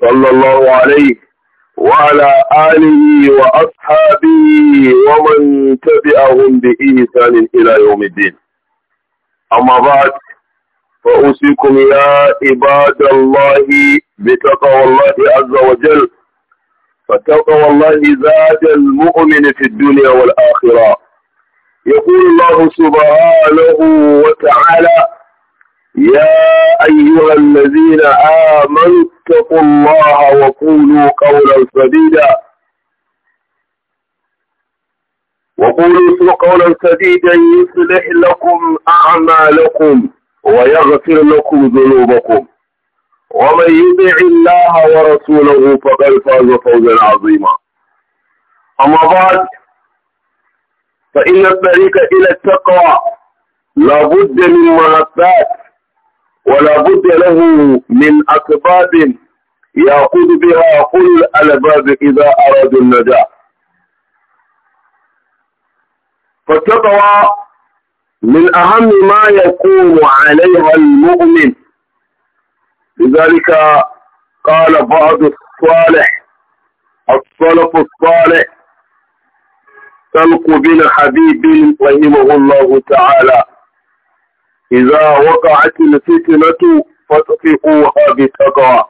صلى الله عليه وعلى آله وأصحابه ومن تبعهم بإنسان إلى يوم الدين أما بعد فأوصيكم يا عباد الله بتقوى الله عز وجل فتقوى الله زاد المؤمن في الدنيا والآخرة يقول الله سبحانه وتعالى يا أيها الذين آمنوا اتقوا الله وقولوا قولا سديدا وقولوا قولا سديدا يصلح لكم أعمالكم ويغفر لكم ذنوبكم ومن يطع الله ورسوله فقد فاز فوزا عظيما أما بعد فإن الطريق إلى التقوى لابد من منفات ولا بد له من أسباب يأخذ بها كل الألباب إذا أرادوا النجاة فالتقوى من أهم ما يكون عليها المؤمن لذلك قال بعض الصالح الصلف الصالح تلقوا بنا حبيب رحمه الله تعالى إذا وقعت الفتنة فاتقوها بتقوى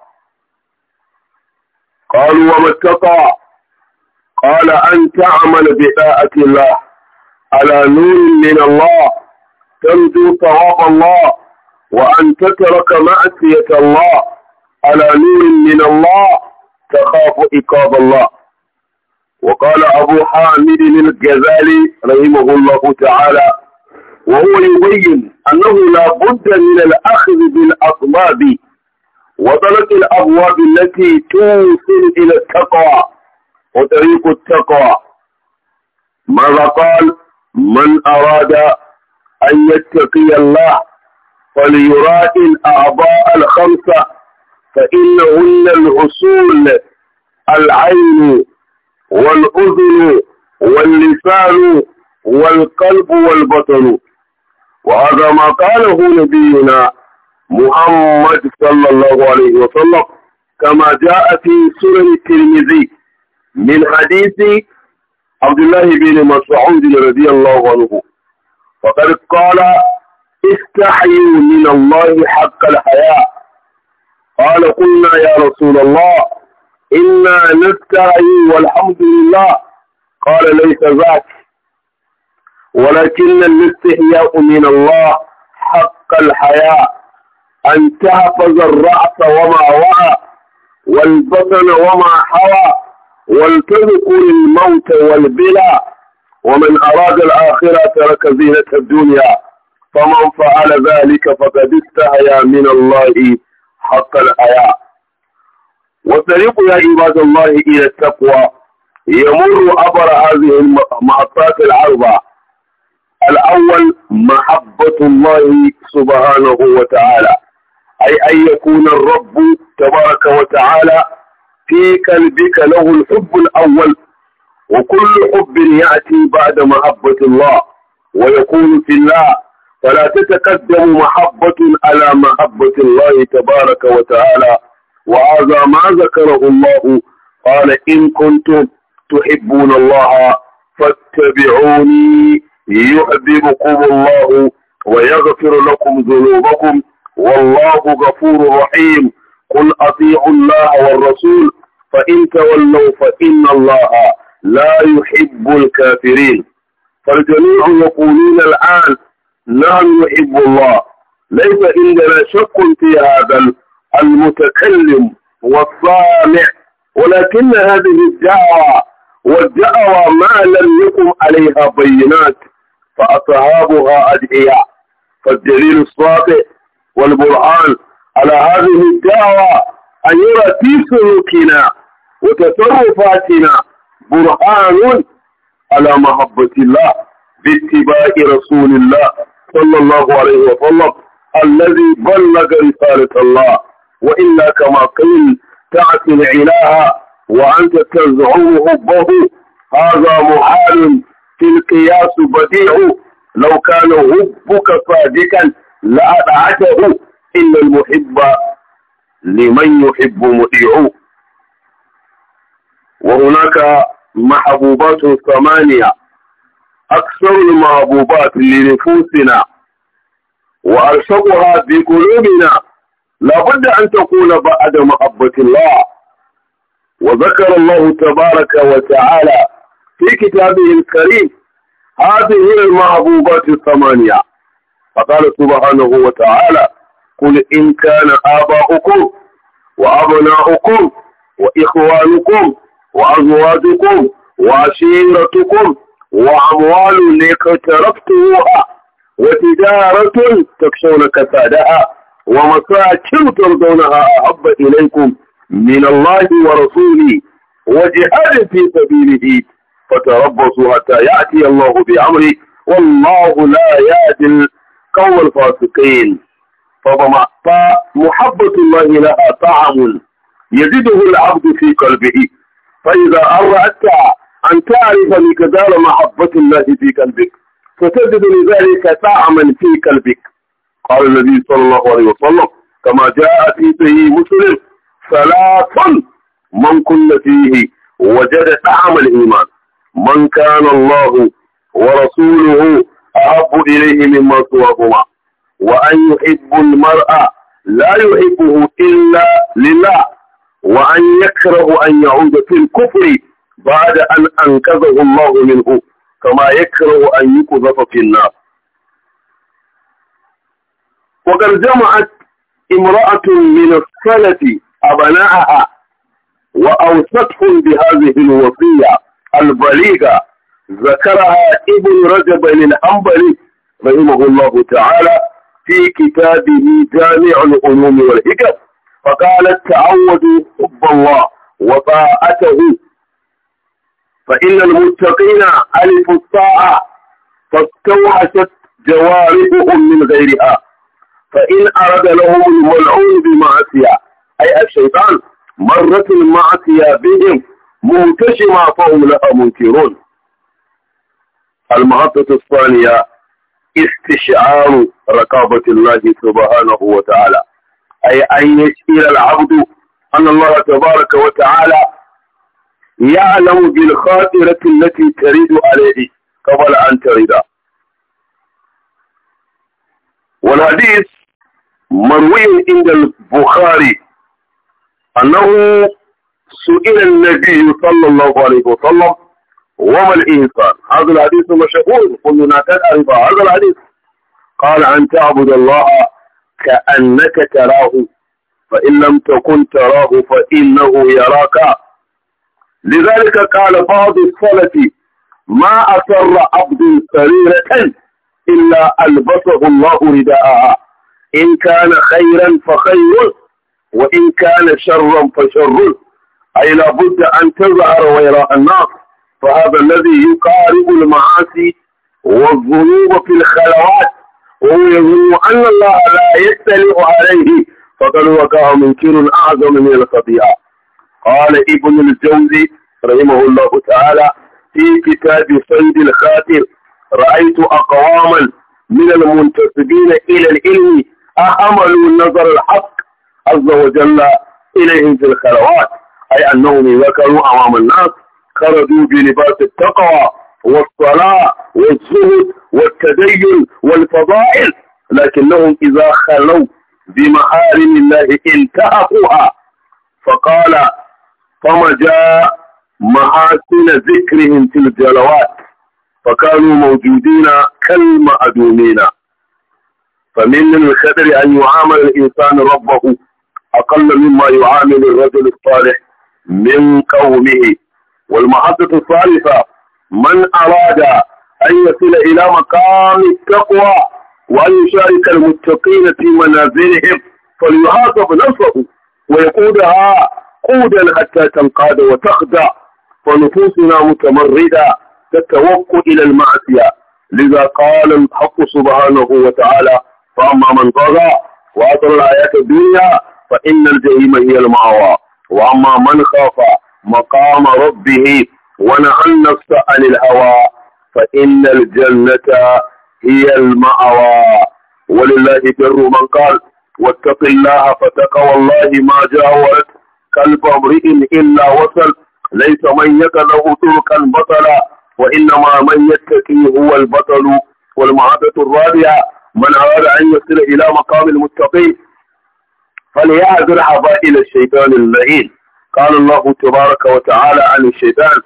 قالوا وما اتقى قال أن تعمل بطاعة الله على نور من الله تنجو طواب الله وأن تترك معسية الله على نور من الله تخاف عقاب الله وقال أبو حامد الجزالي رحمه الله تعالى وهو يبين أنه لا بد من الأخذ بالأطلاب وطلق الأبواب التي توصل إلى التقوى وطريق التقوى ماذا قال من أراد أن يتقي الله فليراعي الأعضاء الخمسة فإنهن الأصول العين والأذن واللسان والقلب والبطن وهذا ما قاله نبينا محمد صلى الله عليه وسلم كما جاء في سنن الترمذي من حديث عبد الله بن مسعود رضي الله عنه فقد قال استحيوا من الله حق الحياء قال قلنا يا رسول الله إنا نستحي والحمد لله قال ليس ذاك ولكن الاستحياء من الله حق الحياء أن تحفظ الرأس وما وعى والبطن وما حوى والتذكر الموت والبلى ومن أراد الآخرة ترك زينة الدنيا فمن فعل ذلك فقد استحيا من الله حق الحياء والطريق يا عباد الله إلى التقوى يمر عبر هذه المحطات العربه الأول محبة الله سبحانه وتعالى أي أن يكون الرب تبارك وتعالى في قلبك له الحب الأول وكل حب يأتي بعد محبة الله ويكون في الله فلا تتقدم محبة على محبة الله تبارك وتعالى وهذا ما ذكره الله قال إن كنتم تحبون الله فاتبعوني يؤذبكم الله ويغفر لكم ذنوبكم والله غفور رحيم قل أطيعوا الله والرسول فإن تولوا فإن الله لا يحب الكافرين فالجميع يقولون الآن نعم يحب الله ليس عندنا شك في هذا المتكلم والصامع ولكن هذه الدعوة والدعوة ما لم يكن عليها بينات فأصحابها أدعياء فالدليل الصافي والبرهان على هذه الدعوة أن يرى في سلوكنا وتصرفاتنا برهان على محبة الله باتباع رسول الله صلى الله عليه وسلم الذي بلغ رسالة الله وإلا كما قيل تعتل علاها وأنت تزعم حبه هذا محال في القياس بديع لو كان حبك صادقا لأبعده إن المحب لمن يحب مطيع وهناك محبوبات ثمانية أكثر المحبوبات لنفوسنا وأرشقها بقلوبنا لابد أن تكون بعد محبة الله وذكر الله تبارك وتعالى في كتابه الكريم هذه المحبوبات الثمانية فقال سبحانه وتعالى قل إن كان آباؤكم وأبناؤكم وإخوانكم وأزواجكم وعشيرتكم وأموال اقترفتموها وتجارة تكشون كسادها ومساكن ترضونها أحب إليكم من الله ورسوله وجهاد في سبيله فتربصوا حتى يأتي الله بأمره والله لا يأتي القوم الفاسقين فمحبة الله لها طعم يجده العبد في قلبه فإذا أردت أن تعرف مقدار محبة الله في قلبك فتجد لذلك طعما في قلبك قال النبي صلى الله عليه وسلم كما جاء في به مسلم ثلاث من كل فيه وجد طعم الإيمان Manka kana Allah wa rasuluhu ahabbu ilayhi mimma tuwaduma wa an yuhibbu mara la yuhibbuhu illa wa an yakrahu an ya'uda fil kufri ba'da an anqadhahu Allah minhu kama yakrahu an yuqdhafa fil nar wa qad jama'at imra'atun min as-salati abana'aha wa awsathum bi hadhihi al-wasiyah البليغة ذكرها ابن رجب الأنبلي رحمه الله تعالى في كتابه جامع الأموم والحكم فقال تعودوا حب الله وطاعته فإن المتقين ألفوا الطاعة فاستوحشت جوارحهم من غيرها فإن أراد لهم الملعون بمعصية أي الشيطان مرة المعصية بهم منكشما فهم لها منكرون المحطة الثانية استشعار رقابة الله سبحانه وتعالى أي أن يشئر العبد أن الله تبارك وتعالى يعلم بالخاطرة التي تريد عليه قبل أن تريد والحديث مروي عند البخاري أنه سئل النبي صلى الله عليه وسلم وما الإنسان هذا الحديث مشهور كلنا تعرف هذا الحديث قال أن تعبد الله كأنك تراه فإن لم تكن تراه فإنه يراك لذلك قال بعض السلف ما أسر عبد سريرة إلا ألبسه الله رداءها إن كان خيرا فخير وإن كان شرا فشر أي لابد أن تظهر ويرى الناس فهذا الذي يقارب المعاصي والذنوب في الخلوات وهو يظن أن الله لا يستلع عليه فقد وقع منكر أعظم من الخطيئة قال ابن الجوزي رحمه الله تعالى في كتاب صيد الخاتر رأيت أقواما من المنتسبين إلى العلم أعملوا نظر الحق عز وجل إليهم في الخلوات أي أنهم ذكروا أمام الناس خرجوا بلباس التقوى والصلاة والزهد والتدين والفضائل لكنهم إذا خلوا بمحارم الله انتهكوها فقال فما جاء محاسن ذكرهم في الجلوات فكانوا موجودين كالمأدومين فمن الخدر أن يعامل الإنسان ربه أقل مما يعامل الرجل الصالح من قومه والمحطة الثالثة من أراد أن يصل إلى مقام التقوى وأن يشارك المتقين في منازلهم فليحاسب نفسه ويقودها قودا حتى تنقاد وتخدع فنفوسنا متمردة تتوق إلى المعصية لذا قال الحق سبحانه وتعالى فأما من طغى وأثر الآيات الدنيا فإن الجريمة هي المأوى وأما من خاف مقام ربه ونهى النفس عن الهوى فإن الجنة هي المأوى ولله بر من قال واتق الله فتقوى الله ما جاورت كلب امرئ إلا وصل ليس من يكله تركا بطلا وإنما من يتقي هو البطل والمعادة الرابعة من أراد أن يصل إلى مقام المتقين فليعذر حبائل الشيطان اللعين قال الله تبارك وتعالى عن الشيطان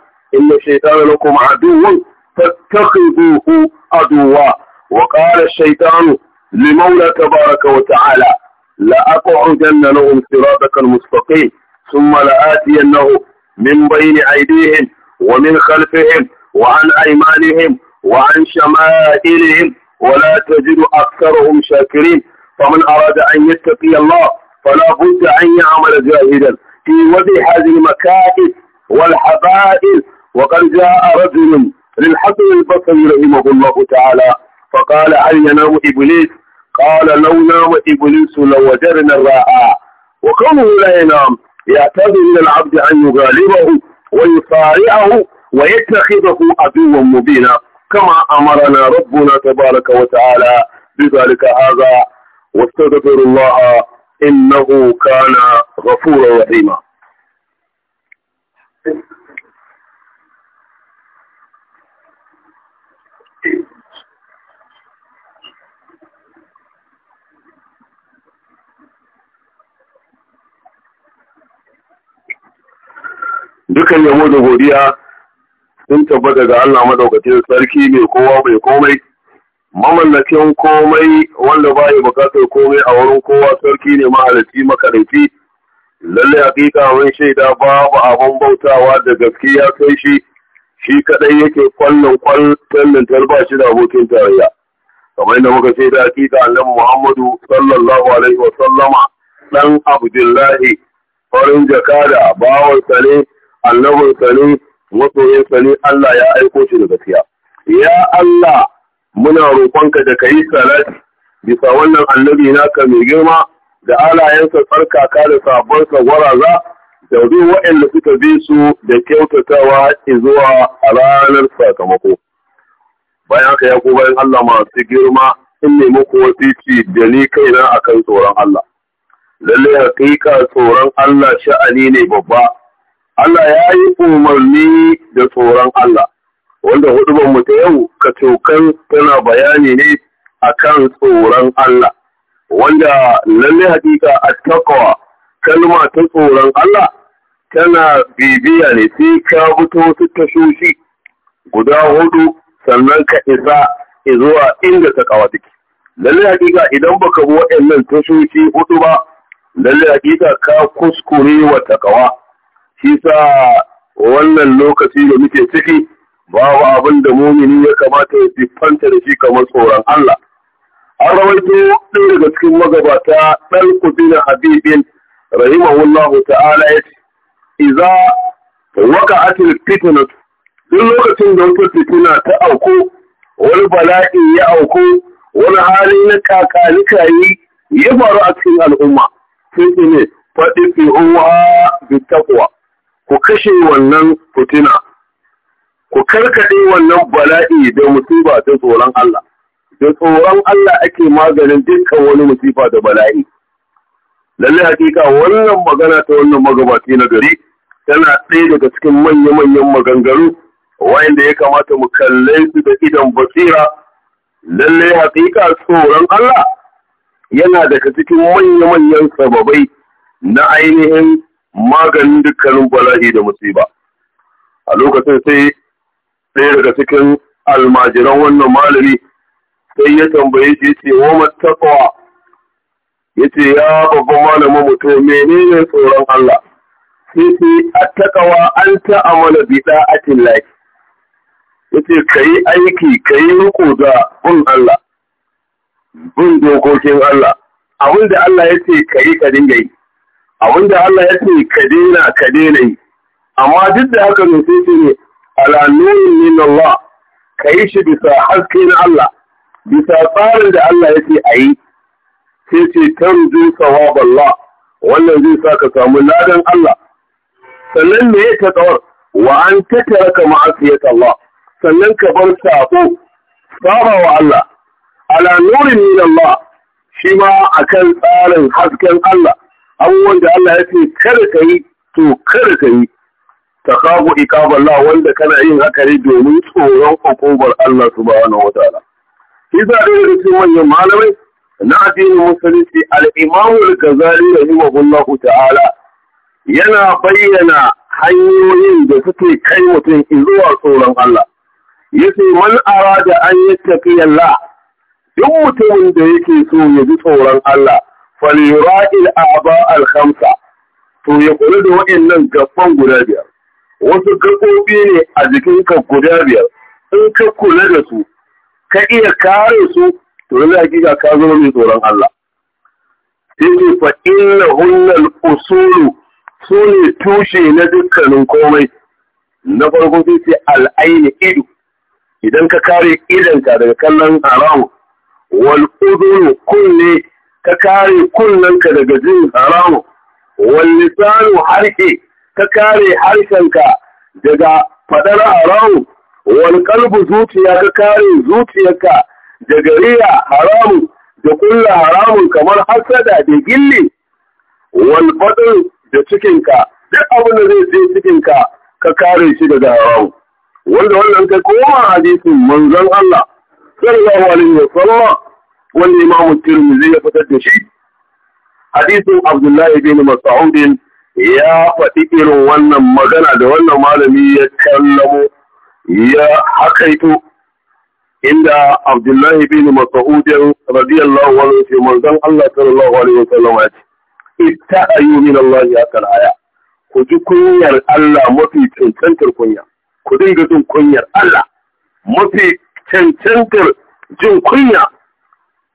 إن الشيطان لكم عدو فاتخذوه عدوا وقال الشيطان لمولى تبارك وتعالى لأقعدن لهم صراطك المستقيم ثم لآتينه من بين أيديهم ومن خلفهم وعن أيمانهم وعن شمائلهم ولا تجد أكثرهم شاكرين فمن أراد أن يتقي الله فلا بد أن يعمل جاهدا في وضع هذه المكائد والحبائل وقد جاء رجل للحسن البصري رحمه الله تعالى فقال هل ينام إبليس قال لو نام إبليس لوجرنا الراعاء وكونه لا ينام يعتذر إلى العبد أن يغالبه ويصارعه ويتخذه عدوا مبينا كما أمرنا ربنا تبارك وتعالى بذلك هذا واستغفر الله إنه كان غفورا رحيما dukan yabo da godiya sun tabbata ga Allah madaukakin sarki mai kowa mai komai mamallakin komai wanda ba ya bukatar komai a wurin kowa sarki ne mahalarci makaranti lalle hakika mun shaida babu abin bautawa da gaskiya sai shi shi kadai yake kwallon kwallon talba shi da abokin tarayya kamar yadda muka shaida hakika nan Muhammadu sallallahu alaihi wa sallama dan Abdullahi farin jakada bawon sane annabin sane masoyin sane Allah ya aiko shi da gaskiya ya Allah muna roƙonka da ka yi salati bisa wannan annabi naka mai girma da alayensa tsarkaka da sabonsa gwaraza da duk waɗanda suka bi su da kyautatawa zuwa a ranar sakamako. Bayan ka ya bayan Allah masu girma in nemi kuwa wasici da ni kaina akan tsoron Allah. Lalle hakika tsoron Allah sha'ani ne babba. Allah ya yi umarni da tsoron Allah. wanda hudubar mu ta yau ka tokan tana bayani ne a kan tsoron Allah wanda lalle hakika a takawa kalma ta tsoron Allah tana bibiya ne sai ka fito su tashoshi guda hudu sannan ka isa zuwa inda ta kawa take lalle hakika idan baka bi waɗannan tashoshi hudu ba lalle hakika ka kuskure wa takawa shi sa wannan lokaci da muke ciki babu abin da mumini ya kamata ya siffanta da shi kamar tsoron Allah. An rawaito ɗin daga cikin magabata ɗan kudina habibin rahimahullahu ta'ala ya ce, Iza waka atil fitinat, duk lokacin da wata fitina ta auku, wani bala'i ya auku, wani hali na kakalika yi ya faru a cikin al'umma. Sai faɗi fi'uwa bi takwa, ku kashe wannan fitina. ku karkade wannan bala'i da musiba ta tsoron Allah da tsoron Allah ake maganin dukkan wani musifa da bala'i lalle hakika wannan magana ta wannan magabaci na gari tana ɗaya daga cikin manya-manyan maganganu wayanda ya kamata mu kalle su da idan basira Lallai hakika tsoron Allah yana daga cikin manya-manyan sababai na ainihin maganin dukkanin bala'i da musiba a lokacin sai ɗaya daga cikin almajiran wannan malami sai ya tambaye shi ce wa mattaqwa yace ya babban malamin mutu menene tsoron Allah sai ce attaqwa an ta'amala bi da'atin lahi yace kai aiki kai ruku da bin Allah bin dokokin Allah abin da Allah yace kai ka dinga yi da Allah yace ka daina ka daina yi amma duk da haka ne sai ce ne ala nuni min Allah ka shi bisa haske na Allah bisa tsarin da Allah ya ce sai ce ji sawab Allah wannan zai sa ka samu ladan Allah sannan me ya tsawar, wa an tattara ma'asiyat Allah sannan ka bar sabo saba wa Allah ala nuni min Allah shi ma akan tsarin hasken Allah abubuwan da Allah ya ce kada ka yi to kada ka yi taqabu iqaballah wanda kana yin haka domin tsoron hukumar Allah subhanahu wataala kisa da cikin manyan malamai na addinin musulunci al-Imam Zariya, ghazali rahimahullah ta'ala yana bayyana hanyoyin da suke kai mutum zuwa tsoron Allah yace ara da an tafiya Allah duk mutumin da yake so ya ji tsoron Allah falyura'il a'ba al-khamsa to ya kula da waɗannan gafan guda biyar wasu gaɓoɓi ne a jikinka guda biyar in ka kula da su ka iya kare su to lalle hakika ka zama mai tsoron Allah sai fa inna hunnal usulu su ne tushe na dukkanin komai na farko sai ce al'aini ido idan ka kare idonka daga kallon haram wal udunu kunne ka kare kunnenka daga jin haram wal lisanu harke ka kare harshenka daga faɗar haramu wani kalbu zuciya ka kare zuciyarka daga riya haramu da kulla haramun kamar hasada da gilli wani fadar da cikinka duk abin da zai je cikinka ka kare shi daga haramu wanda wannan kai koma hadisin manzon Allah sallallahu alaihi wani wanda Imam Tirmidhi ya fitar da shi hadisin Abdullahi bin Mas'udin. ya faɗi irin wannan magana da wannan malami ya kallamo ya hakaito inda Abdullahi bin Mas'ud radiyallahu anhu ce manzon Allah sallallahu alaihi wasallam ya ce Ita ayu min Allah ya kal aya ku ji kunyar Allah mafi cancantar kunya ku dinga jin kunyar Allah mafi cancantar jin kunya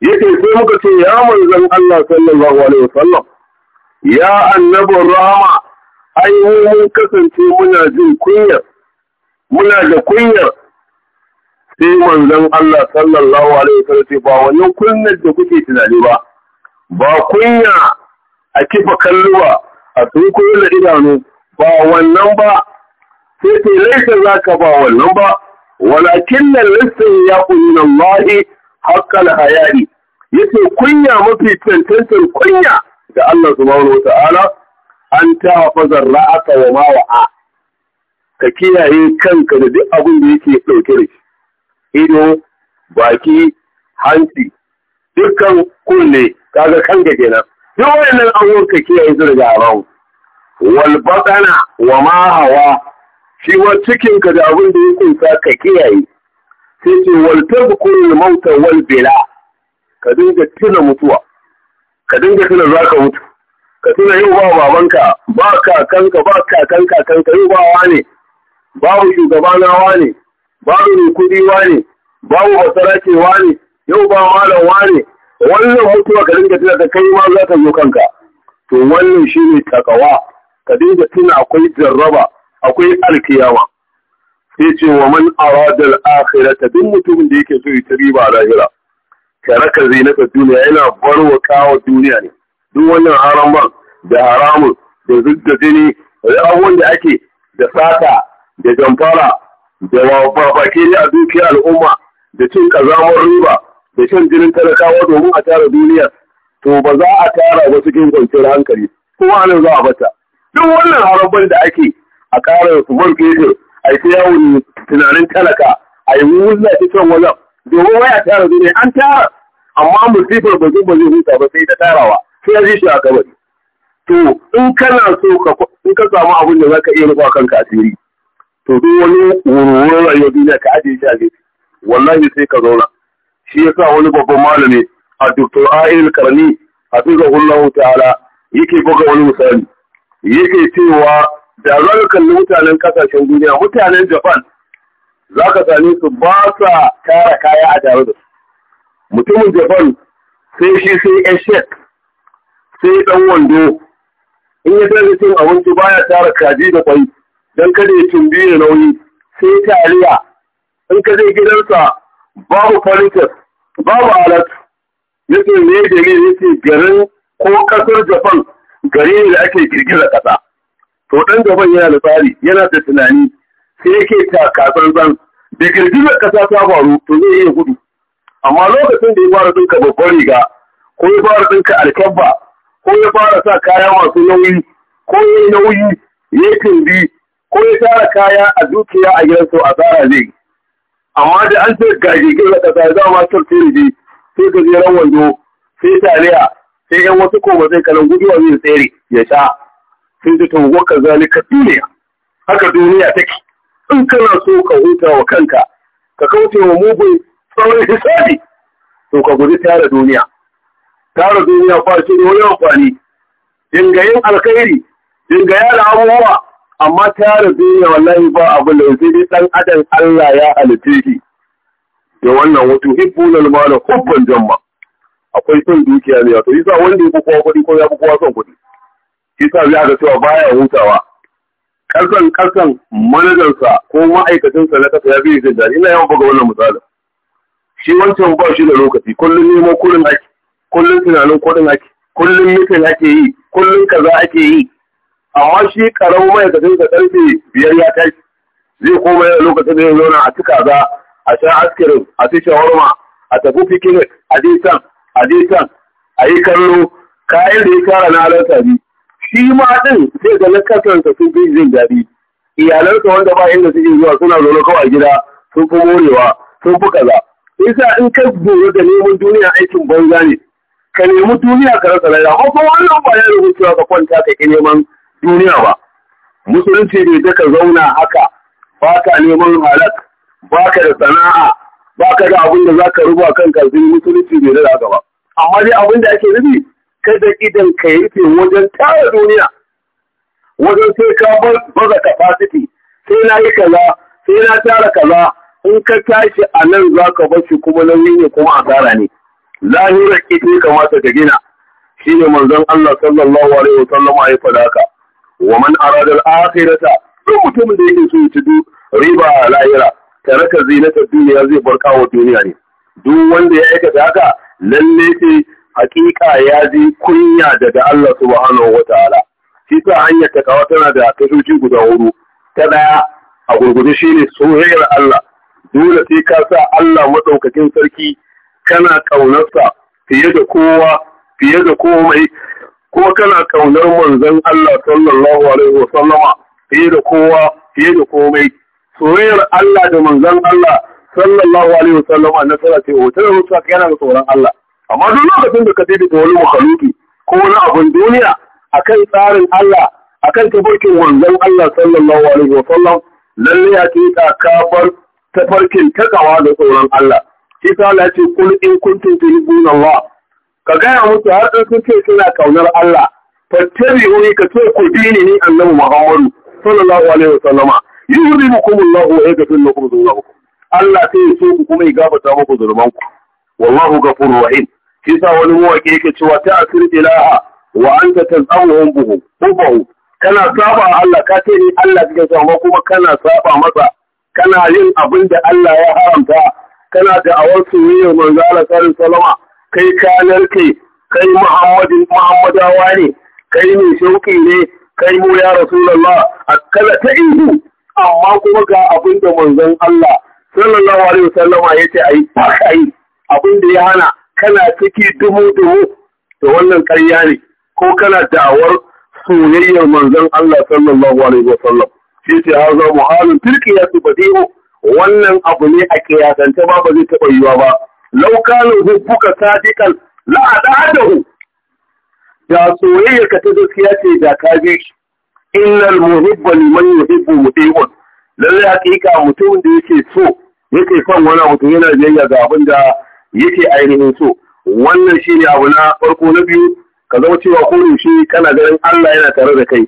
yake sai muka ce ya manzon Allah sallallahu alaihi wasallam ya annabin rama ai mun kasance muna jin kunyar muna da kunyar sai manzon Allah sallallahu alaihi wasallam ba wannan kunyar da kuke tunani ba ba kunya a kifa kalluwa a tsunkuyo da idanu ba wannan ba sai sai laisa ka ba wannan ba walakin lallisin ya na Allah haqqal hayari yace kunya mafi tantantar kunya da Allah subhanahu ta'ala an ta zarra aka wa ma wa'a ka kiyaye kanka da duk abin da yake ɗauke da shi ido baki hanci dukkan kunne kaga kanka kenan duk wannan abubuwan ka kiyaye su daga haramu wal wa ma hawa shi wa cikinka da abin da yake sa ka kiyaye sai ce wal tabkuru mauta wal bila ka dinga tuna mutuwa ka dinga tuna za ka mutu ka tuna yau ba babanka ba kakanka ba kakan kakanka yau ba wane babu shugabana wane babu mai kudi wane babu wa wane yau ba malam wane wannan mutuwa ka dinga tuna da kai ma za ta zo kanka to wannan shi ne takawa ka dinga tuna akwai jarraba akwai alkiyama sai ce wa man arada al-akhirata duk mutumin da yake so ya riba lahira taraka zinata duniya yana barwa kawo duniya ne duk wannan haram da haramun da zudda jini da abubuwan da ake da sata da jamfara da babake ne a dukiyar al'umma da cin kazamar riba da shan jinin talakawa domin a tara duniya to ba za a tara ba cikin kwanciyar hankali ko nan za a bata duk wannan harabar da ake a ƙara su man fetur a yi yawon tunanin talaka a yi wuzna ta can wajen domin waya tara zuri an tara amma musifar ba zai ba zai huta ba sai ta tarawa sai ya ji shi a kabari to in kana so ka in ka samu abin da za ka iya rufa kanka asiri to duk wani wurin rayuwar duniya ka ajiye shi a gefe wallahi sai ka zauna shi yasa wani babban malami a doktor A'il Karni hafizahullahu ta'ala yake buga wani misali yake cewa da zaka kalli mutanen kasashen duniya mutanen Japan za ka same su ba sa tara kaya a tare da su mutumin japan sai shi sai ya shek sai dan wando in ya tare cin abinci baya tara kaji da kwai don kada ya tumbi ya nauyi sai taliya in ka je gidansa babu furniture babu alat yace ne dalili yake garin ko kasar japan gari ne da ake girgiza kasa to dan japan yana da tsari yana da tunani sai yake kasar zan? da girgizar kasa ta faru to zai iya gudu amma lokacin da ya fara dinka babbar riga ko ya fara dinka alkabba ko ya fara sa kaya masu nauyi ko ya nauyi ya tumbi ko ya tara kaya a dukiya a gidan so tsara zai amma da an ce ga girgizar kasa za ma kyautar ribi sai gajeren wando sai taliya sai yan wasu ko zai kalan guduwa zai tsere ya sha sai da tawo ka duniya haka duniya take in kana so ka huta wa kanka ka kauce wa mugun tsawon hisabi to ka guji tara duniya tara duniya ba shi ne wani amfani dinga yin alkhairi dinga yada abubuwa amma tara duniya wallahi ba abu da sai dai dan adam Allah ya halitta shi da wannan wato hibbuna al-mala hubban jamma akwai son dukiya ne wato yasa wanda ya fi kowa kuɗi ko ya fi kowa son kuɗi yasa ya ga cewa baya hutawa kasan kasan manajansa ko ma'aikacinsa na kasa ya biyu jin daɗi ina yawan buga wannan misalin shi wancan ba shi da lokaci kullum nemo kurin ake kullum tunanin kuɗin ake kullum mitin ake yi kullum kaza ake yi amma shi karamin ma'aikacinsa ƙarfe biyar ya tashi zai koma yana lokacin da ya zauna a ci kaza a sha askirin a ci shawarma a tafi fikinik a je can a je can a yi kallo kayan da ya tara na halarta biyu shi ma din zai ga lakasansa sun fi jin daɗi iyalansa wanda ba inda suke zuwa suna zaune kawai a gida sun fi morewa sun fi kaza isa in ka zuwa da neman duniya aikin banza ne ka nemi duniya ka rasa lafiya ko kuma wannan ba ya rubuta ka kwanta ka ƙi neman duniya ba musulunci ne ta ka zauna haka ba ka neman halak ba ka da sana'a ba ka da abin da za ka ruba kanka zai musulunci ne da haka ba amma dai abin da ake nufi kada idan ka yake wajen tara duniya wajen sai ka baza capacity sai na yi kaza sai na tara kaza in ka tashi a nan za ka bashi kuma nauyi ne kuma asara ne lahirar ita kamata ta gina shi ne manzon Allah sallallahu alaihi wasallam ya faɗa ka wa man arada al-akhirata duk mutumin da yake so ya ci riba a lahira raka zinata duniya zai bar kawo duniya ne duk wanda ya aikata haka lalle sai hakika ya ji kunya daga Allah subhanahu wa ta'ala shi ta hanyar ta kawo tana da tashoci guda hudu ta daya a gurgudu ne soyayyar Allah dole sai ka sa Allah madaukakin sarki kana kaunarsa fiye da kowa fiye da komai kuma kana kaunar manzon Allah sallallahu alaihi wa sallama fiye da kowa fiye da komai soyayyar Allah da manzon Allah sallallahu alaihi wa sallama nasara ce hotar mutuwa yana da tsoron Allah amma duk lokacin da ka da wani makhluki ko wani abin duniya akan tsarin Allah akan tafarkin wanzan Allah sallallahu alaihi wa lalle ya ce ta kafar tafarkin takawa da tsoron Allah shi ta Allah ce kul in kuntum tuhibbuna Allah ka gaya musu har in sun ce suna kaunar Allah fattabi'uni ka ce ku dini ni annabi Muhammadu sallallahu alaihi wa sallama yuhibbukum Allah wa yaghfir lakum dhunubakum Allah sai ya so ku kuma ya gafarta muku zunubanku wallahu ghafurur rahim yasa wani mawaƙi yake cewa ta asir ilaha wa anta tazawhum buhu buhu kana saba Allah ka ce ni Allah kake saba kuma kana saba masa kana yin abin da Allah ya haramta kana da awar soyayyar manzo Allah sallallahu kai kanar kai kai Muhammadin Muhammadawa ne kai ne shauki ne kai mu ya rasulullah akala ta ihu amma kuma ga abin da manzon Allah sallallahu alaihi wasallam yace ai ayi abin da ya hana kana ciki dumu dumu da wannan ƙarya ne ko kana da'awar soyayyar manzon Allah sallallahu alaihi wasallam shi ce har za mu haza muhalin ya su badi'u wannan abu ne a kiyasance ba ba zai taɓa yiwa ba laukanin hubbuka sadiqan la adahu da soyayya ka ta gaskiya ce da ka bi innal muhibba liman yuhibbu muti'un lalle hakika mutum da yake so yake son wani mutum yana biyayya ga abin da yake ainihin so wannan shine abu na farko na biyu ka zama cewa ko yaushe kana ganin Allah yana tare da kai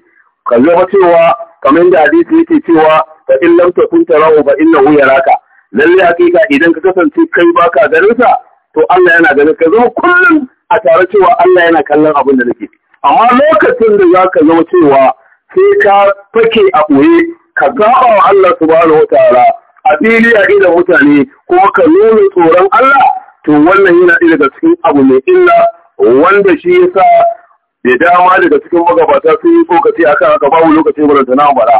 ka zama cewa kamar da hadisi yake cewa fa in lam takun tarahu fa innahu yaraka lalle hakika idan ka kasance kai baka ganin sa to Allah yana ganin ka zama kullum a tare cewa Allah yana kallon abin da nake amma lokacin da za ka zama cewa sai ka fake a ɓoye ka gaba wa Allah subhanahu wataala a fili a idan mutane kuma ka nuna tsoron Allah to wannan yana ɗaya daga cikin abu mai illa wanda shi ya sa da dama daga cikin magabata sun yi tsokaci a kan haka babu lokacin baranta na bara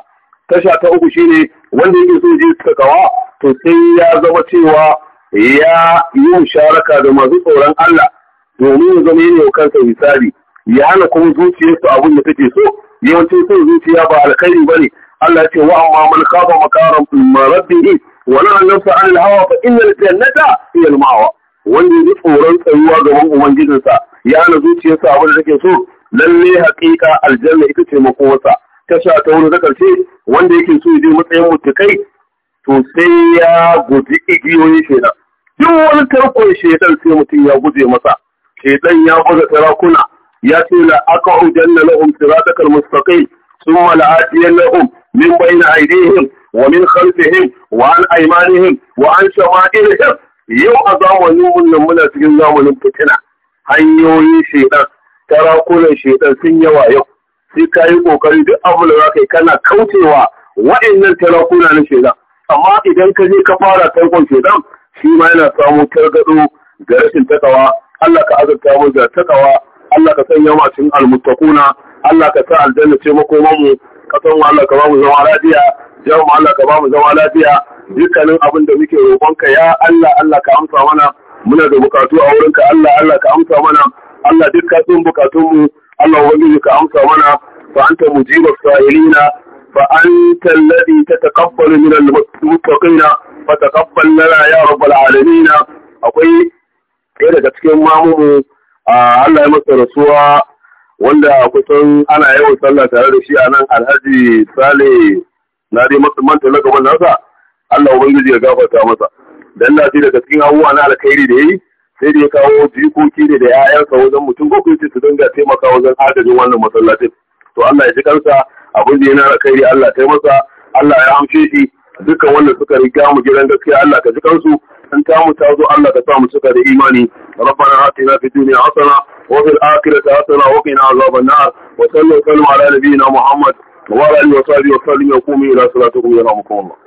tasha ta uku shine wanda yake so je sakawa to sai ya zama cewa ya yi sharaka da masu tsoron Allah domin ya zama yana kansa misali. ya hana kuma zuciyarsu abin da take so yawancin so zuciya ba alkhairi bane Allah ya ce wa amma man kafa makaram rabbihi wa la nafsa an al-hawa fa inna al-jannata hiya al-ma'wa wanda ya ji tsoron tsayuwa gaban ubangijinsa ya hana zuciyarsa abin da take so lalle haƙiƙa aljanna ita ce makowarsa ta sha ta wani zakarce wanda yake so ya je matsayin mutukai to sai ya guji igiyoyi kenan duk wani tarkon shedan sai mutum ya guje masa shedan ya guje sarakuna ya ce la aqudanna lahum siratal mustaqim thumma la'atiyannahum min bayni aydihim wa min khalfihim wa an aymanihim wa an shama'ilihim yau a zamanin wannan muna cikin zamanin fitina hanyoyin shedan tarakunan shedan sun yawa yau sai ka yi kokari duk abu da za ka yi kana kaucewa wa'annan tarakuna na shedan amma idan ka je ka fara tankon shedan shi ma yana samun targado ga rashin takawa Allah ka azurta mu da takawa Allah ka sanya mu a cikin almuttaquna Allah ka sa aljanna ce makoman mu ka san Allah ka ba mu zama lafiya jama'a Allah ka ba mu zama lafiya dukkanin abin da muke roƙonka ya Allah Allah ka amsa mana muna da bukatu a wurinka Allah Allah ka amsa mana Allah dukkanin bukatunmu Allah wani ka amsa mana fa anta mujibus sa'ilina fa anta alladhi tatakabbalu min al-muttaqina fa taqabbal lana ya rabbal alamin akwai ɗaya daga cikin a Allah ya masa rasuwa wanda kusan ana yawan sallah tare da shi a nan alhaji sale na dai manta na gaban nasa Allah ubangiji ya gafarta masa dan na ce daga cikin abubuwa na alkhairi da yi, sai da ya kawo jikoki ne da 'ya'yansa wajen mutum ko ce su dinga taimaka wajen adadin wannan masallacin to Allah ya ji kansa abin da yana alkhairi Allah ta masa Allah ya amshe shi duka wanda suka riga mu gidan gaskiya Allah ka ji kansu in ta mu tazo Allah ka sa mu suka da imani rabbana atina fi dunya hasana wa fil akhirati hasana wa qina azaban nar wa sallallahu ala nabiyyina muhammad wa ala alihi wa sahbihi wa sallim yaqumu ila salatikum yarhamukum